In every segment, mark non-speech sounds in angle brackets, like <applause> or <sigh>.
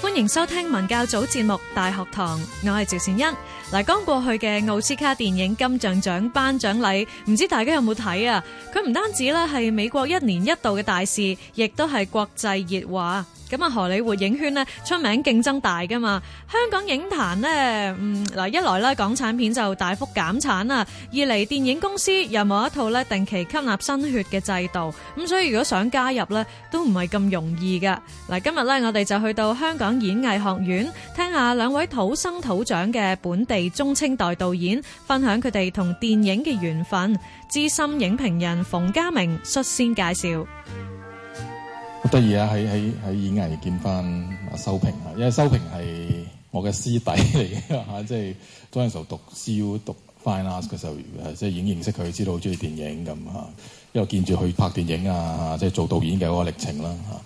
歡迎收聽文教組節目《大學堂》，我係趙善欣。嗱，剛過去嘅奧斯卡電影金像獎頒獎禮，唔知大家有冇睇啊？佢唔單止咧係美國一年一度嘅大事，亦都係國際熱話。咁啊，荷里活影圈咧，出名競爭大噶嘛，香港影壇咧，嗯嗱，一來咧港產片就大幅減產啊，二嚟電影公司又冇一套咧定期吸納新血嘅制度，咁所以如果想加入咧都唔係咁容易噶。嗱，今日咧我哋就去到香港演藝學院，聽下兩位土生土長嘅本地中青代導演分享佢哋同電影嘅緣分。資深影評人馮家明率先介紹。好得意啊！喺喺喺演藝見翻阿修平啊，因為修平係我嘅師弟嚟嘅嚇，即係嗰陣時讀 CU 讀 Fine Arts 嘅時候，即係已經認識佢，知道好中意電影咁嚇，因為見住佢拍電影啊，即係做導演嘅嗰個歷程啦嚇。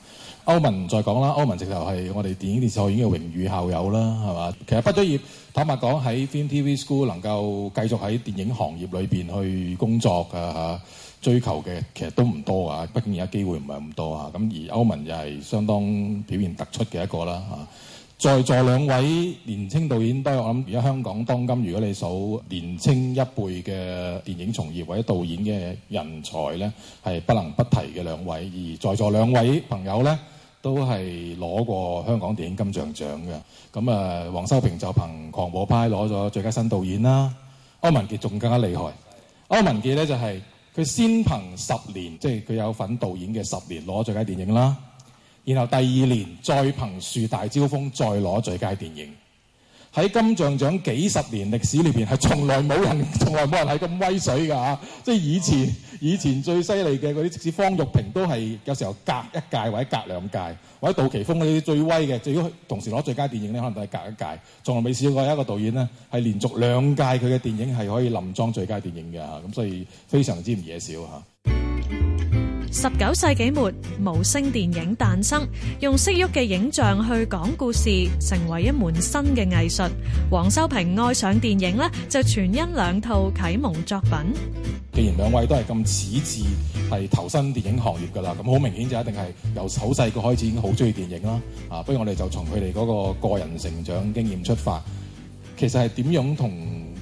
歐文再講啦，歐文直頭係我哋電影電視學院嘅榮譽校友啦，係嘛？其實畢咗業，坦白講喺 Film TV School 能夠繼續喺電影行業裏邊去工作㗎，哈，追求嘅其實都唔多啊，畢竟而家機會唔係咁多啊。咁而歐文又係相當表現突出嘅一個啦，啊，在座兩位年青導演，當然我諗而家香港當今，如果你數年青一輩嘅電影從業或者導演嘅人才咧，係不能不提嘅兩位，而在座兩位朋友咧。都係攞過香港電影金像獎嘅，咁啊，黃修平就憑狂舞派》攞咗最佳新導演啦。 <noise> 歐文傑仲更加厲害， <noise> 歐文傑咧就係、是，佢先憑十年》，即係佢有份導演嘅《十年》攞最佳電影啦，然後第二年再憑樹大招風再攞最佳電影。喺金像獎幾十年歷史裏邊，係從來冇人，從來冇人係咁威水㗎、啊、即以前，以前最犀利嘅嗰啲，即使方育平都係有時候隔一屆或者隔兩屆，或者杜琪峰嗰啲最威嘅，最如果同時攞最佳電影可能都係隔一屆，從來未試過一個導演咧係連續兩屆佢嘅電影係可以連莊最佳電影嘅，咁所以非常之唔惹少。十九世紀末，無聲電影誕生，用識郁嘅影像去講故事，成為一門新嘅藝術。黃修平愛上電影呢就全因兩套啟蒙作品。既然兩位都係咁矢志係投身電影行業噶啦，咁好明顯就一定係由好細個開始已經好中意電影啦。啊，不如我哋就從佢哋嗰個個人成長經驗出發，其實係點樣同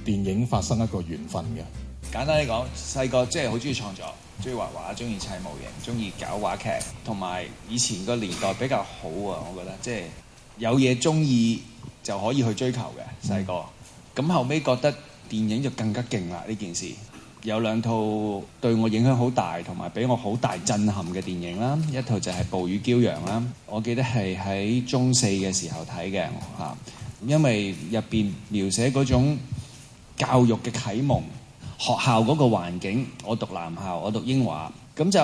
電影發生一個緣分嘅？簡單嚟講，細個即係好中意創作，中意畫畫，中意砌模型，中意搞話劇，同埋以前個年代比較好啊。我覺得即係有嘢中意就可以去追求嘅。細個咁後尾覺得電影就更加勁啦。呢件事有兩套對我影響好大，同埋俾我好大震撼嘅電影啦。一套就係《暴雨驕陽》啦，我記得係喺中四嘅時候睇嘅嚇，因為入邊描寫嗰種教育嘅啟蒙。學校嗰個環境，我讀男校，我讀英華，咁就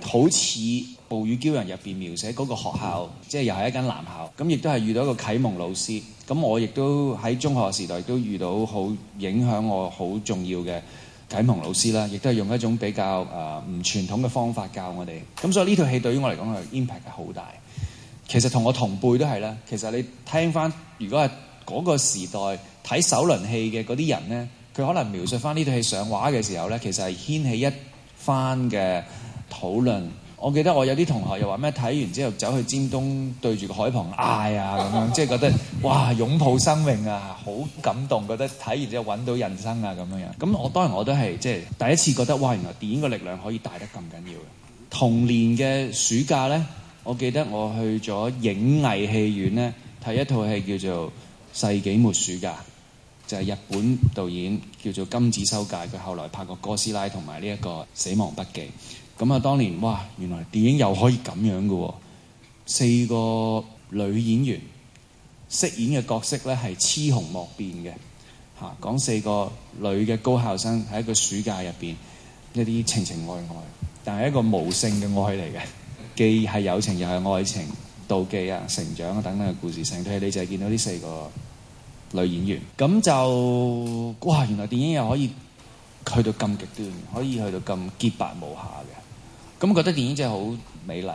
好似《暴雨驕陽》入邊描寫嗰個學校，即係又係一間男校，咁亦都係遇到一個啟蒙老師。咁我亦都喺中學時代都遇到好影響我好重要嘅啟蒙老師啦，亦都係用一種比較誒唔、呃、傳統嘅方法教我哋。咁所以呢套戲對於我嚟講係 impact 係好大。其實同我同輩都係啦。其實你聽翻，如果係嗰個時代睇首輪戲嘅嗰啲人呢。佢可能描述翻呢套戲上畫嘅時候呢，其實係掀起一番嘅討論。我記得我有啲同學又話咩睇完之後走去尖東對住個海旁嗌啊，咁樣，即係覺得哇擁抱生命啊，好感動，覺得睇完之後揾到人生啊咁樣樣。咁我當然我都係即係第一次覺得哇，原來電影嘅力量可以大得咁緊要嘅。同年嘅暑假呢，我記得我去咗影藝戲院呢，睇一套戲叫做《世紀末暑假》。就係日本導演叫做金子修介，佢後來拍過哥斯拉同埋呢一個死亡筆記。咁啊，當年哇，原來電影又可以咁樣嘅喎。四個女演員飾演嘅角色咧係雌雄莫辨嘅嚇，講四個女嘅高校生喺一個暑假入邊一啲情情愛愛，但係一個無性嘅愛嚟嘅，既係友情又係愛情、妒忌啊、成長啊等等嘅故事，性。成套你就係見到呢四個。女演員咁就哇！原來電影又可以去到咁極端，可以去到咁潔白無瑕嘅。咁覺得電影真係好美麗。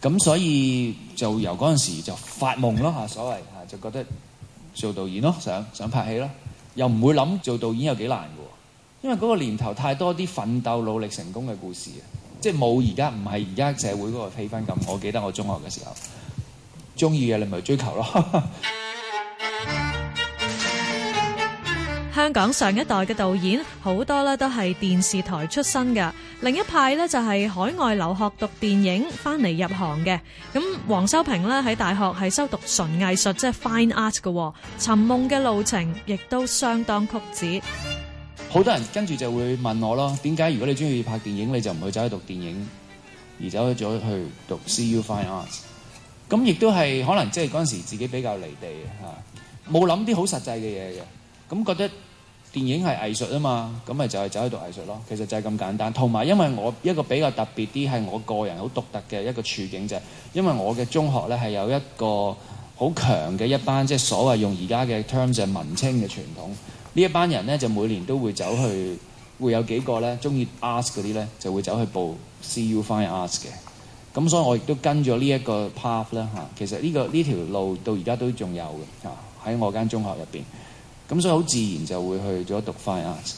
咁所以就由嗰陣時就發夢咯嚇，所謂嚇就覺得做導演咯，想想拍戲啦。又唔會諗做導演有幾難嘅喎，因為嗰個年頭太多啲奮鬥、努力、成功嘅故事啊。即係冇而家唔係而家社會嗰個氣氛咁。我記得我中學嘅時候，鍾意嘅你咪追求咯。 <laughs> 香港上一代嘅導演好多咧，都係電視台出身嘅。另一派咧，就係海外留學讀電影，翻嚟入行嘅。咁黃修平咧，喺大學係修讀純藝術，即係 Fine Art 嘅。尋夢嘅路程亦都相當曲折。好多人跟住就會問我咯，點解如果你中意拍電影，你就唔去走去讀電影，而走去咗去讀 C U Fine Art？咁亦都係可能即係嗰陣時自己比較離地吓，冇諗啲好實際嘅嘢嘅。咁覺得電影係藝術啊嘛，咁咪就係走去讀藝術咯。其實就係咁簡單。同埋，因為我一個比較特別啲係我個人好獨特嘅一個處境就係，因為我嘅中學咧係有一個好強嘅一班，即係所謂用而家嘅 terms 係文青嘅傳統。呢一班人咧就每年都會走去會有幾個咧中意 art 嗰啲咧就會走去報 CU fine art 嘅。咁所以我亦都跟咗呢一個 path 啦嚇。其實呢個呢條路到而家都仲有嘅啊，喺我間中學入邊。咁所以好自然就會去咗讀 fine arts，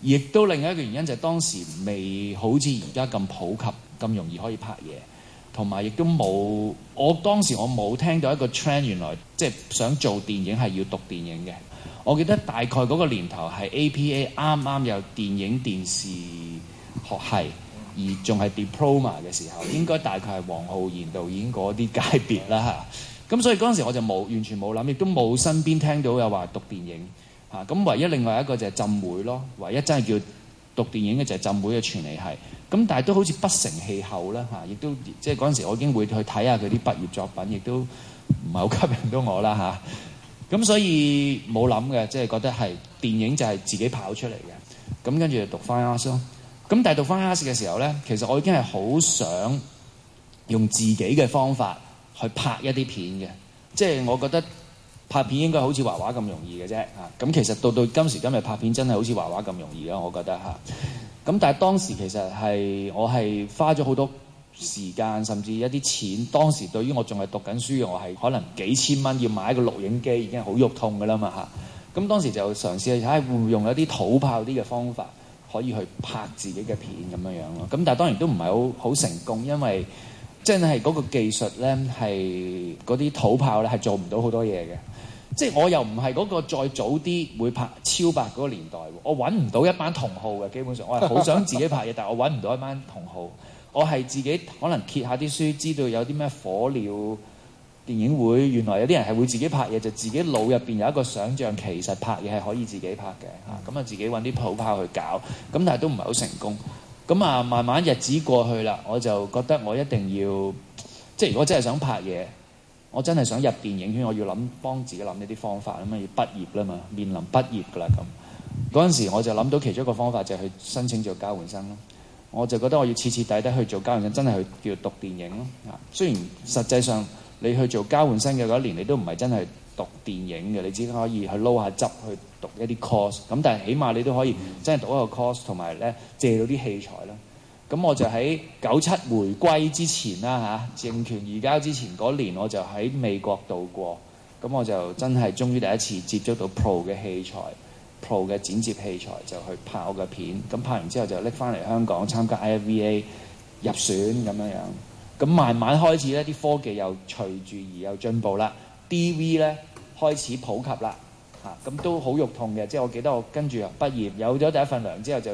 亦都另一個原因就係當時未好似而家咁普及，咁容易可以拍嘢，同埋亦都冇。我當時我冇聽到一個 trend，原來即係想做電影係要讀電影嘅。我記得大概嗰個年頭係 APA 啱啱有電影電視學系，而仲係 diploma 嘅時候，應該大概係黃浩然導演嗰啲界別啦。咁所以嗰陣時我就冇完全冇諗，亦都冇身邊聽到有話讀電影嚇。咁、啊、唯一另外一個就係浸會咯，唯一真係叫讀電影嘅就浸會嘅傳理系。咁但係都好似不成氣候啦嚇，亦、啊、都即係嗰陣時我已經會去睇下佢啲畢業作品，亦都唔係好吸引到我啦嚇。咁、啊、所以冇諗嘅，即係、就是、覺得係電影就係自己跑出嚟嘅。咁跟住就讀翻雅思咯。咁但係讀翻雅思嘅時候咧，其實我已經係好想用自己嘅方法。去拍一啲片嘅，即係我覺得拍片應該好似畫畫咁容易嘅啫嚇。咁其實到到今時今日拍片真係好似畫畫咁容易啦，我覺得吓。咁但係當時其實係我係花咗好多時間甚至一啲錢，當時對於我仲係讀緊書嘅，我係可能幾千蚊要買一個錄影機已經好肉痛噶啦嘛吓，咁當時就嘗試睇，哎、會唔會用一啲土炮啲嘅方法可以去拍自己嘅片咁樣樣咯。咁但係當然都唔係好好成功，因為，真係嗰個技術呢，係嗰啲土炮呢，係做唔到好多嘢嘅。即係我又唔係嗰個再早啲會拍超白嗰個年代，我揾唔到一班同好嘅。基本上，我係好想自己拍嘢， <laughs> 但係我揾唔到一班同好。我係自己可能揭下啲書，知道有啲咩火鳥電影會，原來有啲人係會自己拍嘢，就自己腦入邊有一個想像，其實拍嘢係可以自己拍嘅。嚇、 <laughs> 嗯，咁啊自己揾啲土炮去搞，咁但係都唔係好成功。咁啊，慢慢日子過去啦，我就覺得我一定要，即係如果真係想拍嘢，我真係想入電影圈，我要諗幫自己諗呢啲方法啊嘛，要畢業啦嘛，面臨畢業噶啦咁。嗰陣時我就諗到其中一個方法就係去申請做交換生咯。我就覺得我要徹徹底底去做交換生，真係去叫讀電影咯。啊，雖然實際上你去做交換生嘅嗰一年，你都唔係真係讀電影嘅，你只可以去撈下汁去。讀一啲 course，咁但係起碼你都可以真係讀一個 course，同埋咧借到啲器材啦。咁我就喺九七回歸之前啦嚇、啊，政權移交之前嗰年，我就喺美國度過。咁我就真係終於第一次接觸到 Pro 嘅器材 <noise> ，Pro 嘅剪接器材就去拍我嘅片。咁拍完之後就拎翻嚟香港參加 I V A 入選咁樣樣。咁慢慢開始呢啲科技又隨住而又進步啦。D V 呢，開始普及啦。嚇咁，啊、都好肉痛嘅，即係我記得我跟住畢業有咗第一份糧之後，就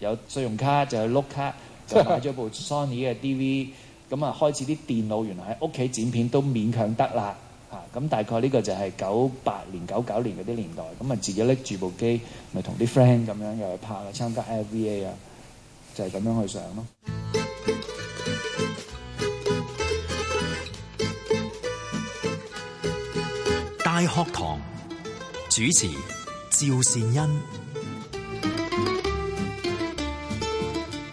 有信用卡就去碌卡，就買咗部 Sony 嘅 DV，咁啊 <laughs> 開始啲電腦原來喺屋企剪片都勉強得啦。嚇、啊、咁、啊啊、大概呢個就係九八年、九九年嗰啲年代，咁啊自己拎住部機，咪同啲 friend 咁樣又去拍，去參加 IFVA 啊，就係咁樣去上咯。大學堂。主持趙善恩。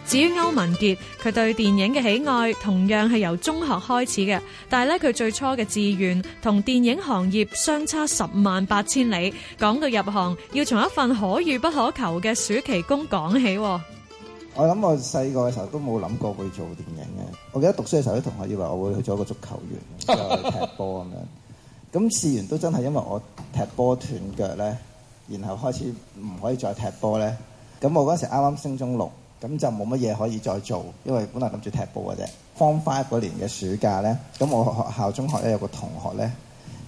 至於歐文傑，佢對電影嘅喜愛同樣係由中學開始嘅，但係咧佢最初嘅志願同電、電影行業相差十萬八千里。講到入行，要從一份可遇不可求嘅暑期工講起。我諗我細個嘅時候都冇諗過去做電影嘅。我記得讀書嘅時候啲同學，以為我會去做一個足球員，之後踢波咁樣。咁試完都真係因為我踢波斷腳呢，然後開始唔可以再踢波呢。咁我嗰陣時啱啱升中六，咁就冇乜嘢可以再做，因為本來諗住踢波嘅啫。Form five 嗰年嘅暑假呢，咁我學校中學咧有個同學呢，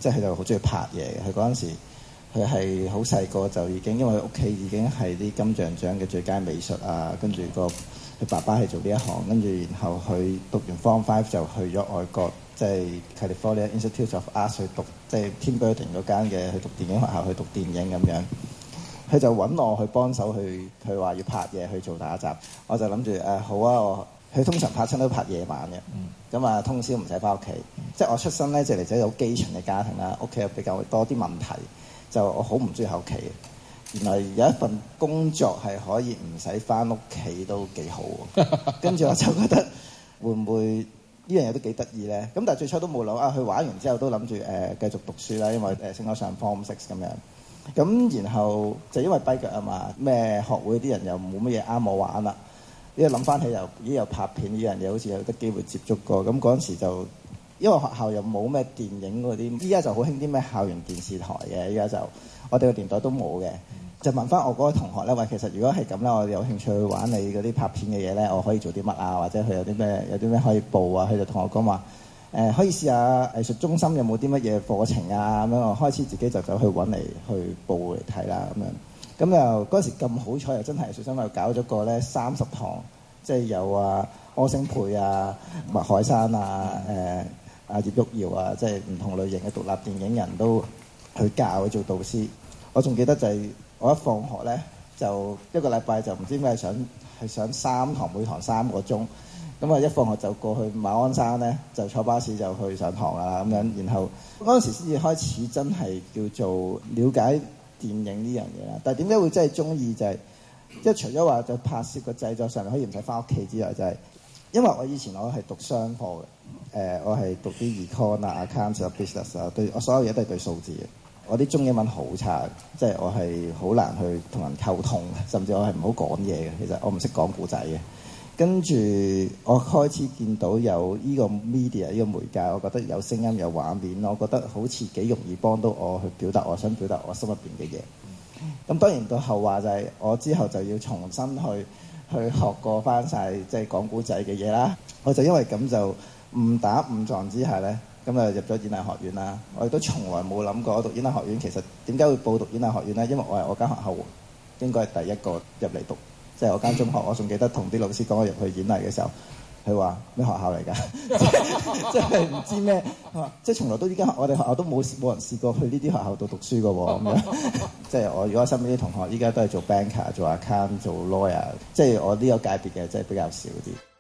即係佢就好中意拍嘢。佢嗰陣時，佢係好細個就已經，因為佢屋企已經係啲金像獎嘅最佳美術啊，跟住個。佢爸爸係做呢一行，跟住然後佢讀完 Form Five 就去咗外國，即係 California Institute of Arts 去讀，即係 Tim Burton 嗰間嘅去讀電影學校，去讀電影咁樣。佢就揾我去幫手去，佢話要拍嘢去做打雜，我就諗住誒好啊。佢通常拍親都拍夜晚嘅，咁啊、嗯、通宵唔使翻屋企。嗯、即係我出生咧就嚟自好基層嘅家庭啦，屋企又比較多啲問題，就我好唔中意喺屋企。原來有一份工作係可以唔使翻屋企都幾好， <laughs> 跟住我就覺得會唔會呢樣嘢都幾得意呢？咁但係最初都冇諗啊，佢玩完之後都諗住誒繼續讀書啦，因為誒先可上方 o r 咁樣。咁然後就因為跛腳啊嘛，咩學會啲人又冇乜嘢啱我玩啦。一諗翻起又依又拍片呢樣嘢，好似有得機會接觸過。咁嗰陣時就因為學校又冇咩電影嗰啲，依家就好興啲咩校園電視台嘅。依家就我哋個年代都冇嘅。就問翻我嗰個同學咧，話其實如果係咁咧，我哋有興趣去玩你嗰啲拍片嘅嘢咧，我可以做啲乜啊？或者佢有啲咩有啲咩可以報啊？佢就同我講話誒，可以試下藝術中心有冇啲乜嘢課程啊？咁樣我開始自己就走去揾嚟去報嚟睇啦。咁樣咁又嗰時咁好彩又真係藝術中心又搞咗個咧三十堂，即係有啊柯星培啊、麥海珊啊、誒阿葉玉瑤啊，即係唔同類型嘅獨立電影人都去教佢做導師。我仲記得就係。我一放學咧，就一個禮拜就唔知點解係上係上三堂，每堂三個鐘。咁、嗯、啊，我一放學就過去馬鞍山咧，就坐巴士就去上堂啊咁樣。然後嗰陣時先至開始真係叫做了解電影呢樣嘢啦。但係點解會真係中意就係即係除咗話就拍攝個製作上面可以唔使返屋企之外，就係、是、因為我以前我係讀商科嘅，誒、呃、我係讀啲、econ、account 啊、accounting business 啊，對我所有嘢都係對數字嘅。我啲中英文好差，即係我係好難去同人溝通，甚至我係唔好講嘢嘅。其實我唔識講古仔嘅，跟住我開始見到有呢個 media 呢個媒介，我覺得有聲音有畫面，我覺得好似幾容易幫到我去表達我想表達我心入邊嘅嘢。咁當然到後話就係我之後就要重新去去學過翻晒即係講古仔嘅嘢啦。我就因為咁就誤打誤撞之下咧。咁啊入咗演藝學院啦，我亦都從來冇諗過我讀演藝學院，其實點解會報讀演藝學院呢？因為我係我間學校應該係第一個入嚟讀，即係我間中學， <laughs> 我仲記得同啲老師講我入去演藝嘅時候，佢話咩學校嚟㗎？即係唔知咩，即係 <laughs> 從來都依家我哋學校都冇冇人試過去呢啲學校度讀書㗎喎，咁樣即係我如果身邊啲同學依家都係做 banker、做 account、做 lawyer，即係我呢個界別嘅真係比較少啲。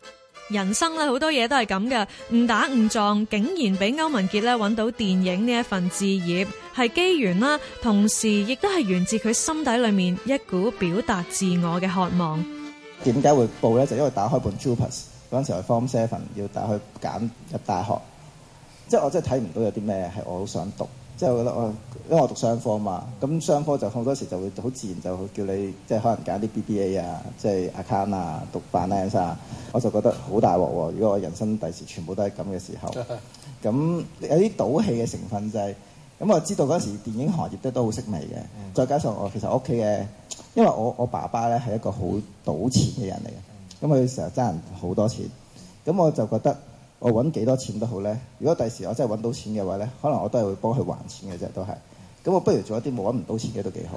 人生咧好多嘢都係咁嘅，誤打誤撞竟然俾歐文傑咧搵到電影呢一份志業，係機緣啦，同時亦都係源自佢心底裏面一股表達自我嘅渴望。點解會報咧？就是、因為打開本 JUPAS 嗰陣時 form seven 要打開揀入大學，即係我真係睇唔到有啲咩係我好想讀。即係覺得我，因為我讀商科嘛，咁商科就好多時就會好自然就會叫你，即、就、係、是、可能揀啲 BBA 啊，即、就、係、是、account 啊，讀 f i n a n c 我就覺得好大鑊喎、啊。如果我人生第時全部都係咁嘅時候，咁 <laughs> 有啲賭氣嘅成分就係、是、咁。我知道嗰時電影行業都都好識味嘅，再加上我其實屋企嘅，因為我我爸爸咧係一個好賭錢嘅人嚟嘅，咁佢成日爭好多錢，咁我就覺得。我揾幾多錢都好咧。如果第時我真係揾到錢嘅話咧，可能我都係會幫佢還錢嘅啫。都係咁，我不如做一啲冇揾唔到錢嘅都幾好。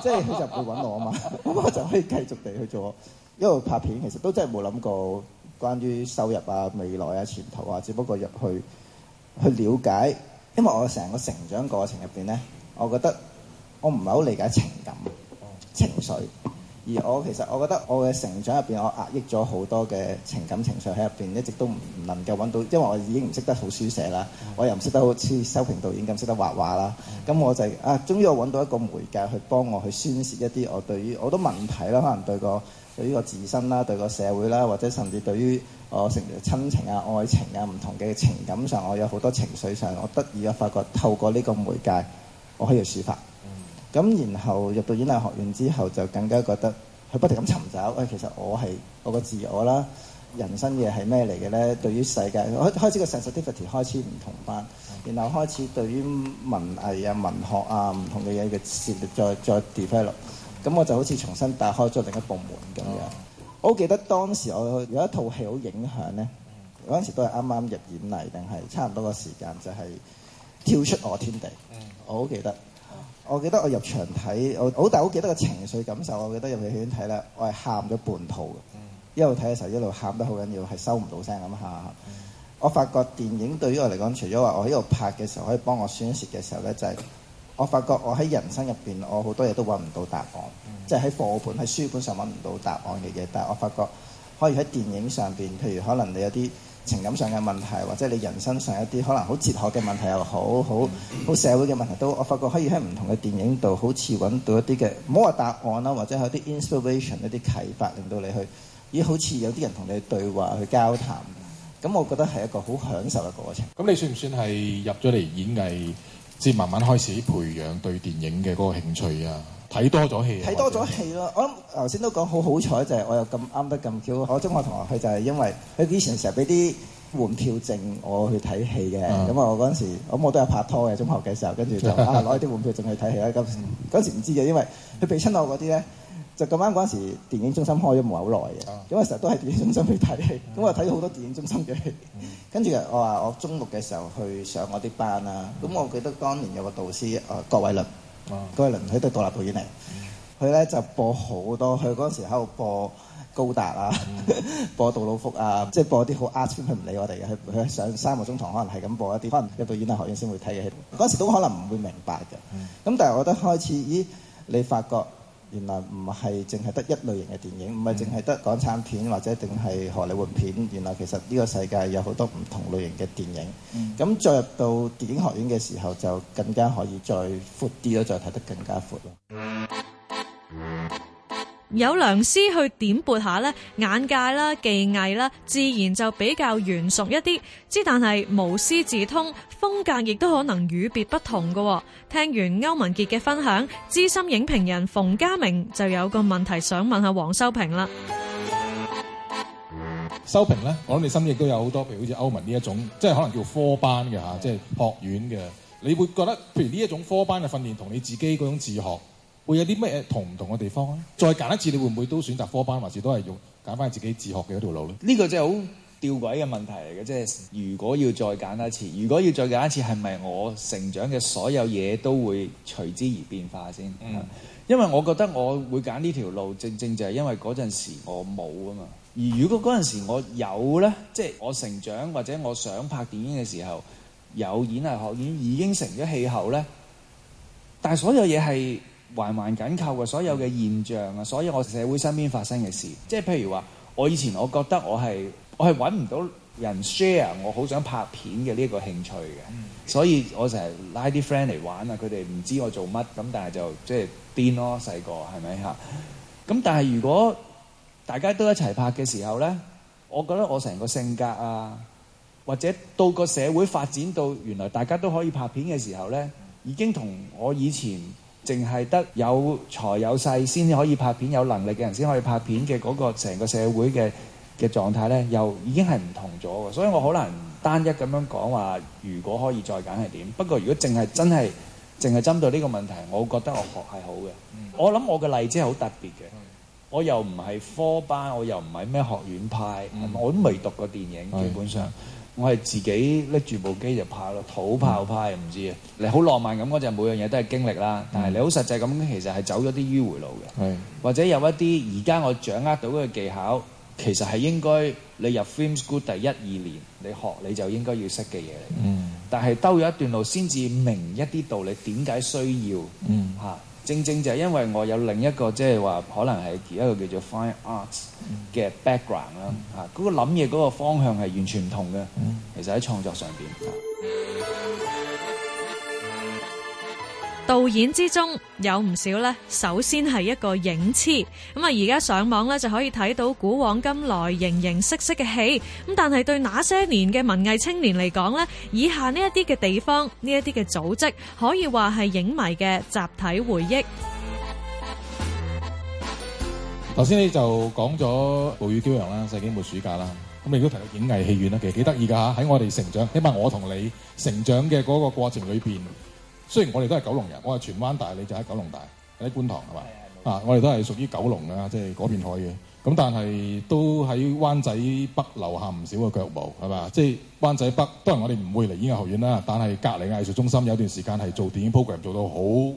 即係佢就唔會揾我啊嘛。咁 <laughs> 我就可以繼續地去做。因為拍片其實都真係冇諗過關於收入啊、未來啊、前途啊，只不過入去去了解。因為我成個成長過程入邊咧，我覺得我唔係好理解情感、情緒。而我其實我覺得我嘅成長入邊，我壓抑咗好多嘅情感情緒喺入邊，一直都唔能夠揾到，因為我已經唔識得好書寫啦，我又唔識得好似修平導演咁識得畫畫啦。咁我就啊，終於我揾到一個媒介去幫我去宣泄一啲我對於好多問題啦，可能對個對於個自身啦，對個社會啦，或者甚至對於我成親情啊、愛情啊唔同嘅情感上，我有好多情緒上，我得意又發覺透過呢個媒介，我可以抒發。咁然後入到演藝學院之後，就更加覺得佢不停咁尋找。喂、哎，其實我係我個自我啦，人生嘅係咩嚟嘅咧？對於世界，我開始個 sensitivity 開始唔同班，然後開始對於文藝啊、文學啊、唔同嘅嘢嘅涉獵，再再 develop。咁我就好似重新打開咗另一部門咁樣。Uh huh. 我好記得當時我有一套戲好影響咧，嗰陣時都係啱啱入演藝，定係差唔多個時間就係《跳出我天地》。我好記得。我記得我入場睇，我好大好記得個情緒感受。我記得入戲院睇咧，我係喊咗半途嘅，一路睇嘅時候一路喊得好緊要，係收唔到聲咁喊。嗯、我發覺電影對於我嚟講，除咗話我喺度拍嘅時候可以幫我宣泄嘅時候咧，就係、是、我發覺我喺人生入邊，我好多嘢都揾唔到答案，即係喺課本、喺書本上揾唔到答案嘅嘢。但係我發覺可以喺電影上邊，譬如可能你有啲。情感上嘅問題，或者你人生上一啲可能好哲學嘅問題，又好，好好社會嘅問題，都，我發覺可以喺唔同嘅電影度，好似揾到一啲嘅唔好話答案啦，或者有啲 inspiration 一啲啟發，令到你去咦好似有啲人同你對話去交談，咁我覺得係一個好享受嘅過程。咁你算唔算係入咗嚟演藝，即係慢慢開始培養對電影嘅嗰個興趣啊？睇多咗戲，睇多咗戲咯！我諗頭先都講好好彩就係我又咁啱得咁巧，我中學同學佢就係因為佢以前成日俾啲換票證我去睇戲嘅，咁啊、嗯、我嗰陣時咁我都有拍拖嘅中學嘅時候，跟住就啊攞啲換票證去睇戲啦。咁嗰時唔、嗯、知嘅，因為佢俾親我嗰啲咧，就咁啱嗰陣時電影中心開咗唔係好耐嘅，嗯、因為成日都喺電影中心去睇戲，咁、嗯、我睇到好多電影中心嘅戲。跟住、嗯、我話我中六嘅時候去上我啲班啦。咁我記得當年有個導師啊、呃、郭偉倫。嗰一輪佢都係獨立導演嚟，佢咧就播好多，佢嗰陣時喺度播高達啊、嗯，播杜魯福啊，即係播啲好 art，佢唔理我哋嘅，佢佢上三個鐘堂可能係咁播一啲，可能佢導演啊學院先會睇嘅戲，嗰陣時都可能唔會明白嘅，咁、嗯、但係我覺得開始，咦，你發覺。原來唔係淨係得一類型嘅電影，唔係淨係得港產片或者定係荷里活片。原來其實呢個世界有好多唔同類型嘅電影。咁、嗯、再入到電影學院嘅時候，就更加可以再闊啲咯，再睇得更加闊咯。嗯。有良師去點撥下咧，眼界啦、啊、技藝啦、啊、自然就比較圓熟一啲，之但係無師自通，風格亦都可能與別不同嘅、哦。聽完歐文傑嘅分享，資深影評人馮家明就有個問題想問下黃修平啦。修平咧，我諗你心亦都有好多，譬如好似歐文呢一種，即係可能叫科班嘅，吓，即係學院嘅。你會覺得譬如呢一種科班嘅訓練同你自己嗰種自學，會有啲咩同唔同嘅地方咧？再揀一次，你會唔會都選擇科班，還是都係用揀返自己自學嘅嗰條路呢？呢個真係好吊詭嘅問題嚟嘅，即係，如果要再揀一次，如果要再揀一次，係咪我成長嘅所有嘢都會隨之而變化先、嗯？因為我覺得我會揀呢條路，正正就係因為嗰陣時我冇啊嘛。而如果嗰陣時我有呢，即係我成長或者我想拍電影嘅時候有演藝學院已經成咗氣候呢，但係所有嘢係。環環緊扣嘅所有嘅現象啊！所以我社會身邊發生嘅事，即係譬如話，我以前我覺得我係我係搵唔到人 share，我好想拍片嘅呢一個興趣嘅，所以我成日拉啲 friend 嚟玩啊。佢哋唔知我做乜咁，但係就即係癲咯。細個係咪吓？咁但係如果大家都一齊拍嘅時候呢，我覺得我成個性格啊，或者到個社會發展到原來大家都可以拍片嘅時候呢，已經同我以前。淨係得有財有勢先至可以拍片，有能力嘅人先可以拍片嘅嗰個成個社會嘅嘅狀態呢，又已經係唔同咗嘅。所以我好難單一咁樣講話，如果可以再揀係點。不過如果淨係真係淨係針對呢個問題，我覺得我學係好嘅。嗯、我諗我嘅例子係好特別嘅，嗯、我又唔係科班，我又唔係咩學院派，嗯、我都未讀過電影，嗯、基本上。嗯我係自己拎住部機就跑咯，土炮派唔知啊！你好浪漫咁嗰陣，每樣嘢都係經歷啦。但係你好實際咁，其實係走咗啲迂迴路嘅。係是或者有一啲而家我掌握到嘅技巧，其實係應該你入 film school 第一二年你學你就應該要識嘅嘢嚟。嗯，但係兜咗一段路先至明一啲道理，點解需要嗯嚇。正正就係因為我有另一個，即係話可能係一個叫做 Fine Arts 嘅 background 啦、mm，吓，個諗嘢個方向係完全唔同嘅，mm hmm. 其實喺創作上邊。Mm hmm. 導演之中有唔少咧，首先係一個影痴。咁啊，而家上網咧就可以睇到古往今來形形色色嘅戲。咁但係對那些年嘅文藝青年嚟講咧，以下呢一啲嘅地方，呢一啲嘅組織，可以話係影迷嘅集體回憶。頭先你就講咗《暴雨驕陽》啦，《世紀末暑假》啦，咁你都提到影藝戲院啦，其實幾得意噶吓，喺我哋成長，起碼我同你成長嘅嗰個過程裏邊。雖然我哋都係九龍人，我係荃灣大，你就喺九龍大喺觀塘係嘛？是吧是啊，我哋都係屬於九龍啦，即係嗰邊海嘅。咁但係都喺灣仔北留下唔少嘅腳步係嘛？即係、就是、灣仔北，當然我哋唔會嚟演藝學院啦。但係隔離藝術中心有段時間係做電影 program，做到好，即、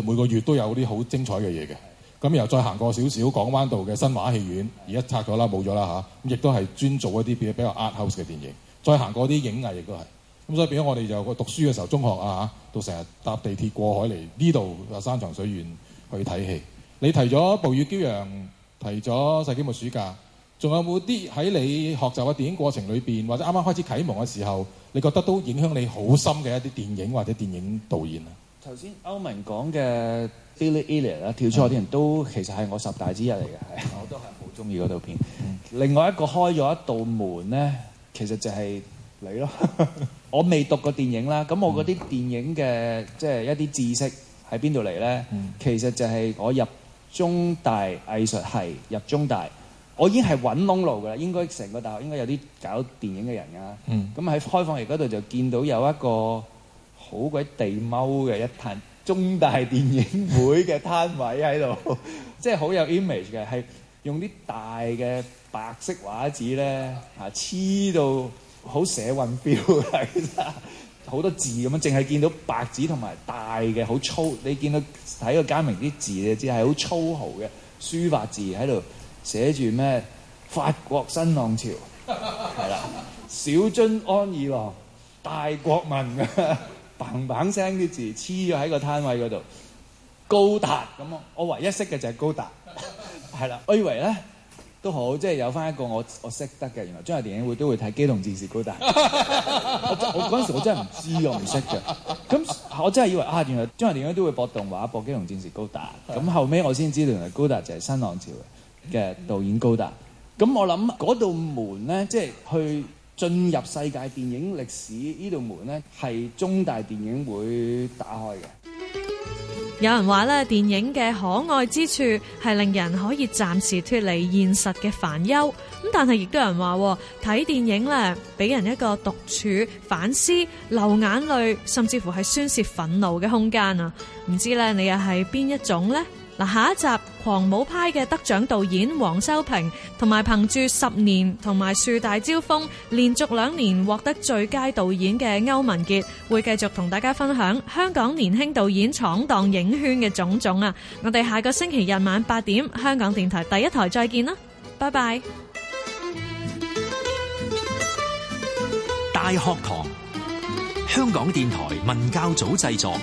就是、每個月都有啲好精彩嘅嘢嘅。咁又再行過少少港灣道嘅新華戲院，而家拆咗啦，冇咗啦嚇。亦、啊、都係專做一啲比比較 art house 嘅電影。再行過啲影藝亦都係。咁所以變咗我哋就個讀書嘅時候，中學啊，到成日搭地鐵過海嚟呢度啊，山長水遠去睇戲。你提咗《暴雨驕陽》，提咗《世紀末暑假》，仲有冇啲喺你學習嘅電影過程裏邊，或者啱啱開始啟蒙嘅時候，你覺得都影響你好深嘅一啲電影或者電影導演啊？頭先歐文講嘅《Billy Elliot》跳出啲人都其實係我十大之一嚟嘅，係 <laughs> 我都係好中意嗰套片。 <laughs> 另外一個開咗一道門咧，其實就係、是。你咯， <laughs> 我未讀過電影啦。咁我嗰啲電影嘅即係一啲知識喺邊度嚟呢？嗯、其實就係我入中大藝術系入中大，我已經係揾窿路噶啦。應該成個大學應該有啲搞電影嘅人噶啦。咁喺、嗯、開放期嗰度就見到有一個好鬼地踎嘅一攤中大電影會嘅攤位喺度，即係好有 image 嘅，係用啲大嘅白色畫紙呢，嚇、啊、黐到。好寫運標啊！其實好多字咁樣，淨係見到白紙同埋大嘅好粗。你見到睇個嘉明啲字就，你知係好粗豪嘅書法字，喺度寫住咩法國新浪潮係啦，小津安二郎、大國民啊，嘭 <laughs> 砰聲啲字黐咗喺個攤位嗰度，高達，咁我唯一識嘅就係高達，係啦。我以為咧。都好，即係有翻一個我我識得嘅，原來中大電影會都會睇《機動戰士高達》。 <laughs> <laughs> 我我嗰時我真係唔知，我唔識嘅。咁我真係以為啊，原來中大電影都會播動畫，播《機動戰士高達》。咁 <laughs> 後尾我先知道原來高達就係新浪潮嘅導演高達。咁我諗嗰道門咧，即係去進入世界電影歷史呢度門咧，係中大電影會打開嘅。有人話咧，電影嘅可愛之處係令人可以暫時脫離現實嘅煩憂，咁但係亦都有人話睇電影咧，俾人一個獨處、反思、流眼淚，甚至乎係宣洩憤怒嘅空間啊！唔知咧，你又係邊一種咧？嗱，下一集《狂舞派》嘅得獎導演黃修平，同埋憑住十年同埋樹大招風，連續兩年獲得最佳導演嘅歐文傑，會繼續同大家分享香港年輕導演闖蕩影圈嘅種種啊！我哋下個星期日晚八點，香港電台第一台再見啦，拜拜！大學堂，香港電台文教組製作。